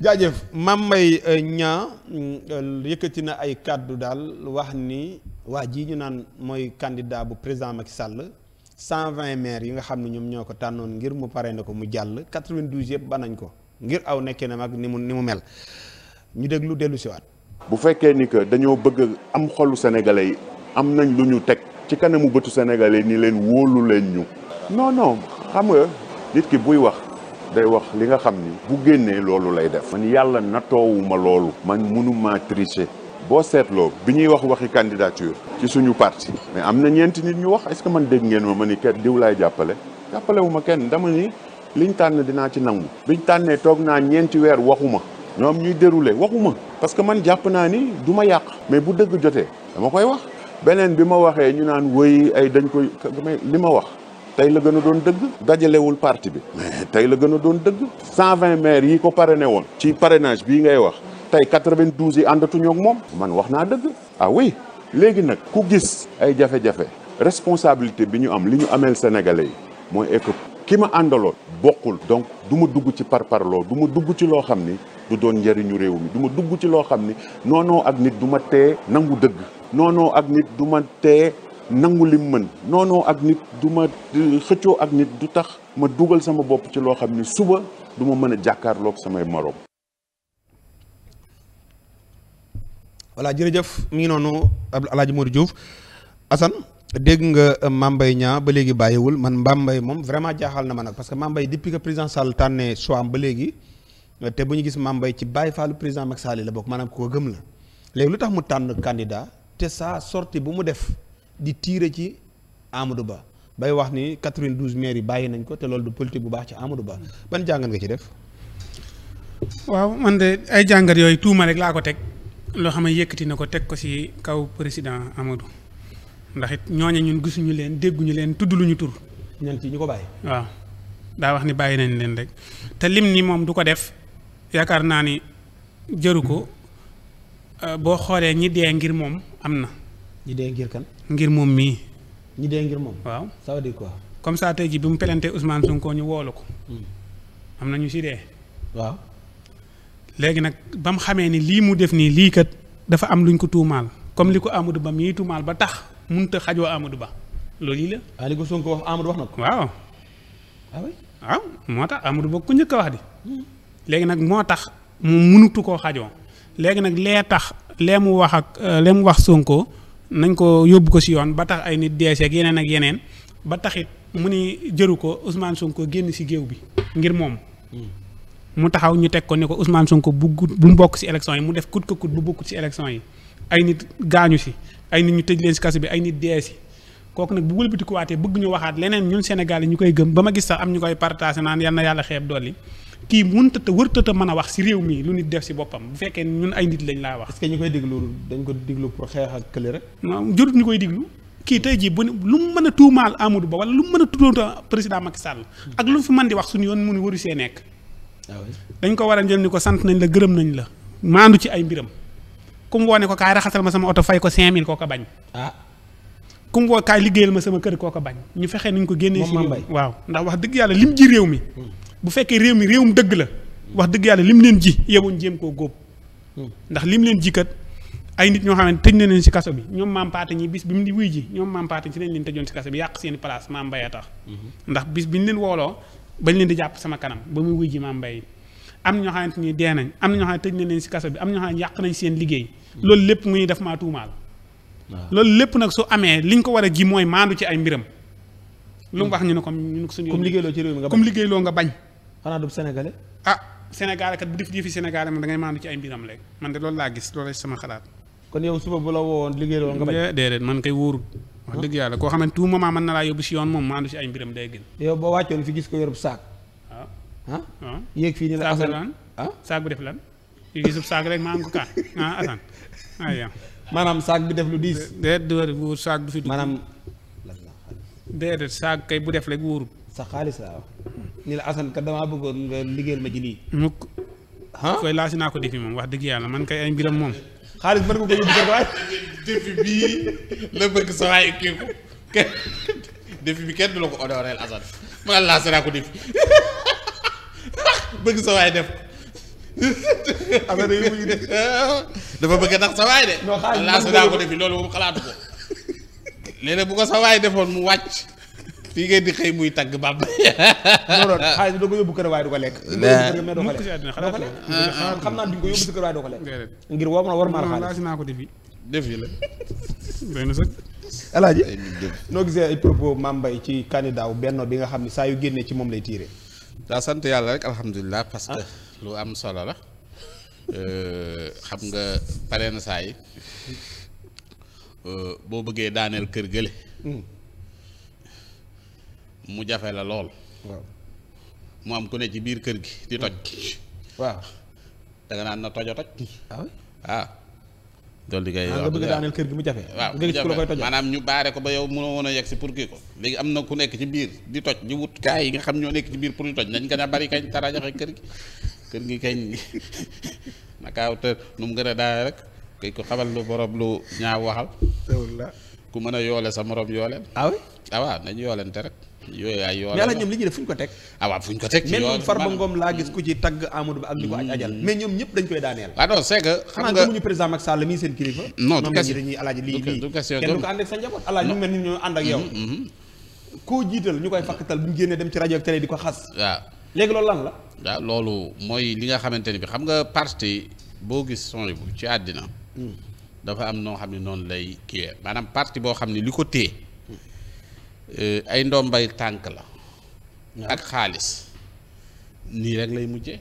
jaajëf maam Mbaye ñaa euh, euh, yëkkati na ay kàddu daal wax ni waa jii ñu naan mooy candidat bu président Macky sàll cent vingt maires yi nga xam ne ñoom ñoo ko tànnoon ngir mu parrainé ko mu jàll quatre-vingt-douze yëpp banañ ko ngir aw nekkee na mag ni mu ni mu mel ñu déglu dellu siwaat bu fekkee ni que dañoo bëgg am xolu sénégalais yi am nañ lu ñu teg ci kanamu bëtu sénégalais ni leen wóolu leen ñu non non xam nga nit ki buy wax day wax li nga xam ni bu génnee loolu lay def man yàlla nattoowuma loolu man mënuma tricher boo seetloo bi ñuy wax waxi candidature ci suñu parti mais am na ñeenti nit ñu wax est-ce que man dégg ngeen ma ma ni diw laay jàppale jàppale ma kenn dama ni liñ tànn dinaa ci nangu biñ tànnee toog naa ñeenti weer waxuma ñoom ñuy déroulé waxuma parce que man jàpp naa ni du ma yàq mais bu dëgg jotee dama koy wax beneen bi ma waxee ñu naan wëy ay dañ koy li ma wax tey la gën a doon dëgg dajalewul parti bi mais tey la gën a doon dëgg cent vingt maires yi ko parrainé woon ci parrainage bi ngay wax tey quatre-vingt-douze yi àndatuñoo ak moom man wax naa dëgg ah oui léegi nag ku gis ay jafe-jafe responsabilité bi ñu am li ñu ameel sénégalais yi mooy équipe ki ma àndaloon bokkul donc du ma dugg ci par parparloo du ma dugg ci loo xam ni du doon njëriñu réew mi du ma dugg ci loo xam ni noonoo ak nit du ma tee nangu dëgg noonoo ak nit nangu lim mën noonoo ak nit du ma xëccoo ak nit du tax ma dugal sama bopp ci loo xam ni suba du ma mën a jàkkaarlook samay moroom. voilà jërëjëf mi ngi noonu El Hadj Modou Diouf Assane dégg nga euh, Mambay ñaa ba léegi bàyyiwul man Mambay moom vraiment jaaxal na ma nag parce que Mambay depuis que président Sall tànnee choix am ba léegi euh, te bu ñu gis Mambay ci bàyyi faalu président Macky Sall la bokk maanaam ku ko gëm la léegi lu tax mu tànn candidat te saa sorti bu mu def. di tiire ci Amadou Ba bay wax ni 92 maires yi bàyyi nañ ko te loolu du politique bu baax ci Amadou Ba ban jàngat nga ci def. waaw man de ay jàngat yooyu tuuma rek laa ko teg loo xam ne yëkkati na ko teg ko ci kaw président Amadou ndax it ñooñu ñun gisuñu leen dégguñu leen tudd luñu tur. ñan ci ñu ko bàyyi. waaw daa wax ni bàyyi nañ leen rek te lim ni moom du ko def yaakaar naa ni jëru ko boo xoolee ñi dee ngir moom am na. ñi dee ngir ngir moom mii. ñi dee ngir moom. waaw ça comme ça tey jii bi mu pelentee Ousmane Sonko ñu woolu ko. Hmm. am na ñu si dee. waaw. léegi nag ba mu xamee ni lii mu def nii lii kat dafa am luñ ko tuumaal comme li ko Amadou Ba mii tuumaal ba tax mënut a xajoo Amadou Ba loolu yi la. Ah, waaw wax na ko. Ah waaw. moo tax Amadou Ba ku njëkk a wax di. Hmm. léegi nag moo tax mu mënutu koo xajoo léegi nag lee tax lee mu wax ak euh, lee mu wax Sonko nañ ko yóbbu ko si yoon ba tax ay nit dees ak yeneen ak yeneen ba taxit mu ni jëru ko Ousmane Sonko génn si géew bi ngir moom. Hmm. mu taxaw ñu teg ko ni ko Ousmane Sonko bu bu mu bokk si élection yi mu def kut ko kut bu bokkut si élection yi ay nit gaañu si ay nit ñu tëj leen si kaso bi ay nit dee si kooku nag bu wëlbatikuwaatee bëgg ñu waxaat leneen ñun Sénégal yi ñu koy gëm ba ma gis sax am ñu koy partagé naan yal na yàlla xeeb dolli kii mënut a wërtat a mën a wax si réew mi lu nit def si boppam bu fekkee ñun ay nit lañ laa wax. est ñu koy déglu dañ ko déglu pour xeex ak kële rek. jurut ñu koy déglu. kii tey jii bu lu mu mën a tuumaal Amadou Ba wala lu mu mën a tuddoo président Macky Sall ak lu mu fi mën di wax suñu yoon mu waru see nekk. Ah dañ ko war a jël ni ko sant nañ la gërëm nañ la. maandu ci ay mbiram. ku mu woo ne ko kaay raxasal ma sama oto fay ko 5000 koo ko bañ. ah ku kaay liggéeyal ma sama kër koo ko bañ. ñu fexe nuñ ko génnee si waaw ndax wax dëgg yàlla lim ji réew mi. Hmm. bu fekkee réew mi réewum dëgg la wax dëgg yàlla lim leen ji yebuñ jéem koo góob hmm. ndax lim leen ji kat ay nit ñoo xam ne tëj na leen kaso bi ñoom maam paate bis bi wuy ji ñoom maam paate ñi si lañ leen tëjoon si kaso yàq seen place maam mbay a tax hmm. ndax bis bi ñu leen wooloo bañ leen di jàpp sama kanam ba muy wuy ji maam mbay am na ñoo ni dee nañ am na ñoo xam ne tëj na leen si kaso bi am na ñoo xam ne yàq nañ seen liggéey hmm. loolu lépp mu ñu def maa tuumaal loolu lépp nag su amee li ñu ko war a ji mooy maandu ci ay mbiram lu mu wax ñu ne comme ñu ko suñu comme liggéeyloo nga bañ xanaa du sénégalais. ah sénégalais kat bu def jëfi sénégalais moom da ngay maandu ci ay mbiram léegi man de loolu laa gis loolu sama xalaat. kon yow suba bu la woowoon liggéey nga bañ. déedéet man kay wóorul. wax dëgg yàlla koo xam ne tout moment mën na laa yóbbu si yoon moom maandu si ay mbiram day gën. yow boo wàccoon fi gis ko yorub saak. waaw ah. Ah? ah. yéeg la asan ah? saak bu def lan yu gisub saak rek maa am ko kaan ah asan aywa. maanaam saak bi def lu diis. déedéet saak du fi. bu def rek wóorul sa xaalis laa wax ni la Assane kat damaa bëggoon nga liggéeyal ma ci lii. mukk koy laasi naa ko defi moom wax dëgg yàlla man kay ay mbiram moom. xaalis mën ko defi la bëgg sa waay kii ko kenn defi la ko honoreel Assane man sa waay def. dafa bëgg ndax sa waay de. non laasi naa ko defi loolu moom xalaatu ko léeg bu ko sa waay defoon mu wàcc. fii ngeen di xëy muy tagg bàmb. non xaalis doo ko yóbbu kër waaye du ko lekk. xam naa duñ ko yóbbu kër waaye doo ko lekk. ngir war ma war ma xaalis naa ko defi. defi la. doy na sax. alaaji noo gisee ay propos Mame ci candidat wu bi nga xam ne saa yu génnee ci moom lay tiire. daa sant yàlla rek alhamdulilah parce que ah. lu am solo la. Euh, xam nga pare na saa yi euh, boo bëggee daaneel kër gële. Hmm. mu jafe la lool. waaw mu am ku ne ci biir kër gi di toj. Hmm. waaw danga naan na toj a ah toj. ah. loolu di kay ah, nga bëgg daaneel kër gi mu jafe. waaw mu jafe maanaam ñu baare ko ba yow mënoo woon yegg si pour kii ko. léegi am na ku nekk ci biir di toj di wut kaay yi nga xam ñoo nekk ci biir pour di toj nañ gën a bari kañ tara joxe kër gi kër gi kañ nakaaw te nu mu gën a daal rek kay ko xamal lu borom lu ñaaw waxal. ku mën a yoole sa moroom yoole. ah oui ah nañ yoolente rek. yooyu ay yoo la mais ñoom li ñu def fu ñu ko teg. ah waaw fu ñu ko teg ci yoon même Farba Ngom laa gis ku ci tagg Amadou Ba ak di ko aj ajal hmm. mais ñoom ñëpp dañ koy daaneel. ah non c'est que xam nga xanaa président Macky Sall mi seen kilifa. non du koo jiital ñu koy fakkatal bu ñu dem ci rajo ak di ko xas. waaw ah. léegi lan la. waaw ah, mooy li nga xamante ni bi xam nga parti boo gis songe bu ci àddina hmm. dafa am noo xam ne noonu lay kiiwee maanaam parti boo xam ne li ko téye Euh, ay ndombay tànk la. ak xaalis nii rek lay mujje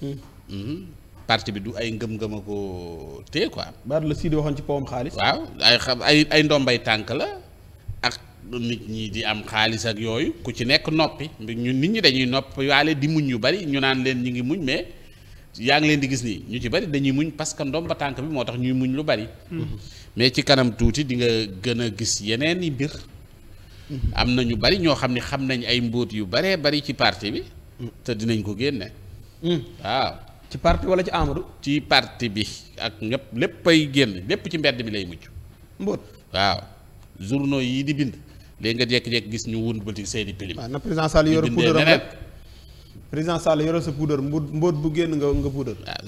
hmm. Hmm. parti bi du ay ngëm-ngëm a ko téye quoi. la sii di waxoon ci powam xaalis. waaw ay xam ay ndombay tànk la ak nit ñi di am xaalis ak yooyu ku ci nekk noppi ñun nit ñi dañuy nopp waale di muñ yu bari ñu naan leen ñu ngi muñ mais yaa ngi leen di gis nii ñu ci bari dañuy muñ parce que ndomba tànk bi moo tax ñuy muñ lu bari. Hmm. mais ci kanam tuuti di gën a gis yeneen i mbir. Mm-hmm. am na ñu bari ñoo xam ne xam nañ ay mbóot yu baree bari ci parti bi. Mm-hmm. te dinañ ko génne. Mm-hmm. waaw. ci parti walla ci Amadou. ci parti bi ak ñëpp léppay génn lépp ci mbedd mi lay mujj. mbóot waaw journaux yii di bind. léegi nga jekk jékki gis ñu wun bëti seeni pilim. waaw na président Sall yore puudaram rek président sa puudar mbu mbóot bu génn nga nga puudar. waaw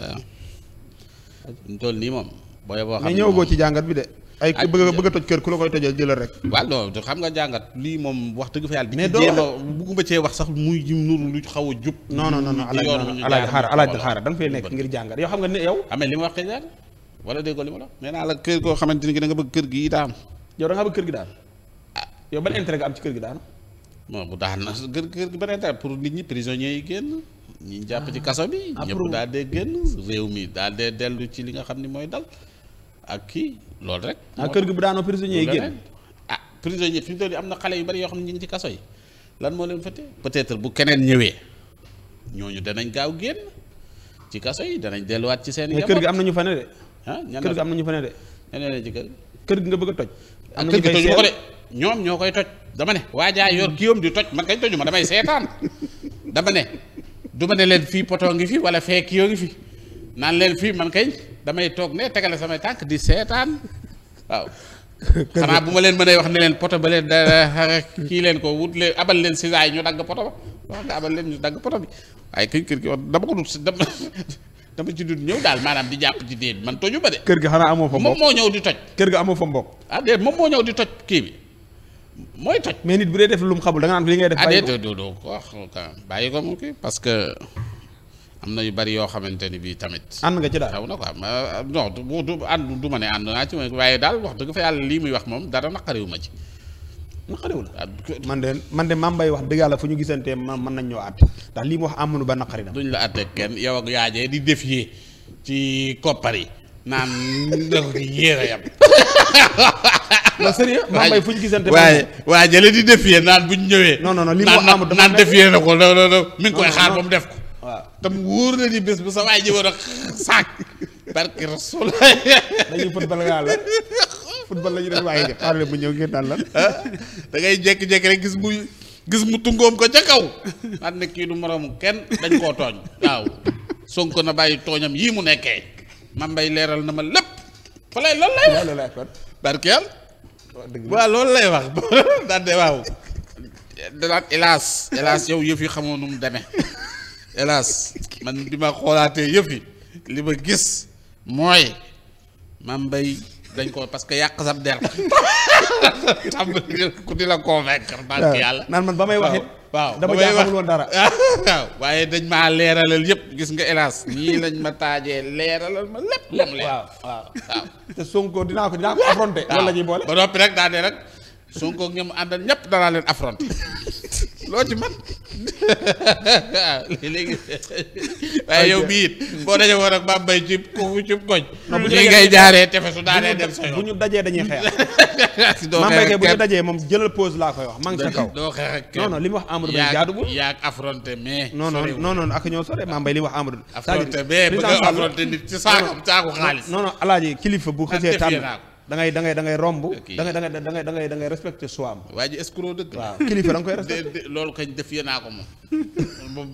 waaw. nii moom. booy boo xam ne ñëwagoo ci jàngat bi de. ay ah, bëgg bëgg a toj kër ku la koy tojee jëlal rek waaw non xam nga jàngat lii moom wax dëgg fa yàlla bi ci jéem a bugguma cee wax sax muy jim nuru lu xaw a jub non non non alaaj xaara alaaj xaara da nga fay nekk ngir jàngat yow xam nga ne yow amee ah, li ma wax kay jàng wala déggoo li ma la nee naa la kër koo xamante ni da nga bëgg kër gi daan ah. yow da nga bëgg gi am ci kër gi daan non bu daan na kër kër gi ban intérêt pour nit ñi prisonniers yi génn ñi jàpp ci kaso bi ñëpp daal dee génn réew mi daal dee dellu ci li nga xam ni mooy dal ak kii loolu rek. ah kër gi bu daanoo prisonnier yi génn ah prisonnier fi mu toll am na xale yu bari yoo xam ne ñu ngi ci kaso yi lan moo leen fëtte peut-être bu keneen ñëwee ñooñu danañ gaaw génn ci kaso yi danañ delluwaat ci seen. njaboot kër gi am na ñu fa ne de. Ah, kër gi am na ñu fa ne de. ñeneen ci kër kër gi nga bëgg a toj. Ah, am na ñu koy seet de ñoom ñoo koy toj dama ne. waajaa yor kii di toj man kañ toju damay seetaan dama ne du ma ne leen fii poto ngi fii wala fee kii ngi fi naan leen fii man kañ damay toog ne tegale samay tànk di seetaan waaw. xanaa bu ma leen mënee wax ne leen poto ba leen da kii leen ko wut leen abal leen si saa yi ñu dagg poto ba wax nga abal leen ñu dagg poto bi waaye kër kër gi wax dama ko dut dama ñëw daal maanaam di jàpp ci déet man toju ba de. kër gi xanaa amoo fa mbokk moom moo ñëw di toj. kër gi amoo fa mbokk. ah moom moo ñëw di toj kii bi mooy toj. mais nit bu dee def lu mu xamul da nga naan li ngay def. bàyyi ko ah déet doo parce que. am na yu bari yoo xamante ni bii tamit. ànd nga ci daal xaw na quoi am du du ànd du ma ne ànd naa ci waaye daal wax dëgg fa yàlla lii muy wax moom dara naqariwu ma ci. naqariwu la ah, man de man de Mame wax dëgg yàlla fu ñu gisantee man mën nañ ñoo àtt ndax lii mu wax amuñu ba na. duñ la àtteeg kenn yow yaajee di défier ci koppar yi naan ndox gi yéer a yam. non sérieux waaye waaye jële di défier naan buñ ñëwee. non non non li mu wax amul ko mi ngi koy xaar ba mu def ko. waaw tam wóor na ni bés bu sa waay ji war a saak barki rasul dañuy football nga la football la ñu def waaye de xaaral mu ñëw ngeen daan lan ah, da ngay jékki-jékki rek gis muy gis mu tungoom ko ca kaw xam ne kii du moroom kenn dañ koo tooñ waaw Sonko na bàyyi tooñam yii mu nekkee ma mbay leeral na ma lépp fa lay loolu lay wax barki yàlla waaw loolu lay wax daal de waaw danaat hélas hélas yow yëf yi xamoo nu mu demee hélas man bi ma xoolaatee yëf li ma gis mooy Mame Mbaye dañ ko parce que yàq sab der tàmbali ku di la convaincre barke yàlla naan man ba may waxit waaw dama jaaxamul woon dara waaw waaye dañ maa leeralal yëpp gis nga hélas ñii lañ ma taajee leeralal waaw waaw te Sonko dinaa ko dinaa ko affronté la ñuy boole ba noppi rek daa dee rek Sonko ñoom àndal ñëpp danaa leen affronté loo ci man léegi waaye yow bii it boo dajee woon ak Bambey ci ci koñ. lii ngay jaaree tefesu daanee dem sa bu ñu dajee dañuy xeex. doo xeex bu ñu dajee moom jëlal pause laa koy wax maa ngi sa kaw. doo li mu wax Amadou Ba jaaduwul yaag affronté mais. non non ak ñoo sore Mambey li mu wax Amadou. affronté mais bëgg nit ci saakam saaku xaalis. non non alaaji kilifa bu xasee tànn da ngay da ngay da ngay romb. da ngay da ngay da da ngay da ngay soi am. waa ji escroc dëgg. kilifa da nga koy respecté loolu kañ def yéen a ko moom. moom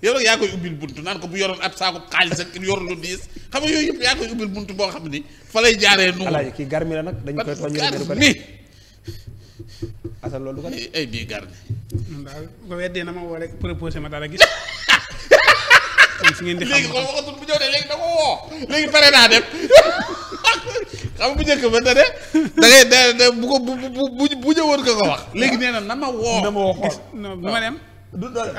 yow nag yaa koy ubbil buntu naan ko bu yoroon ab saako xaalis ak yor lu diis xam nga yooyu yëpp yaa koy ubbil buntu boo xam ni fa lay jaaree. nu alaay kii garmi la nag dañu koy tooñ yéen a ngi asal loolu du ko eh, eh, na ma woo rek proposé ma daal a gis. di xam léegi kon waxatul bu woo léegi pare naa dem xam bu njëkk ba da de da ngay de bu ko bu bu bu ñëwoon ko ko wax. léegi nee na na ma woo. na ma woo du ma dem.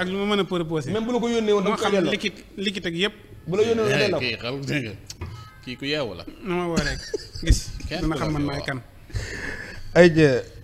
ak lu ma mën a proposé. même bu la ko yónnee woon da nga ko xam likit likit ak yëpp. bu la yónnee woon delloo kii la. na gis. dana xam man maay kan. ay jë.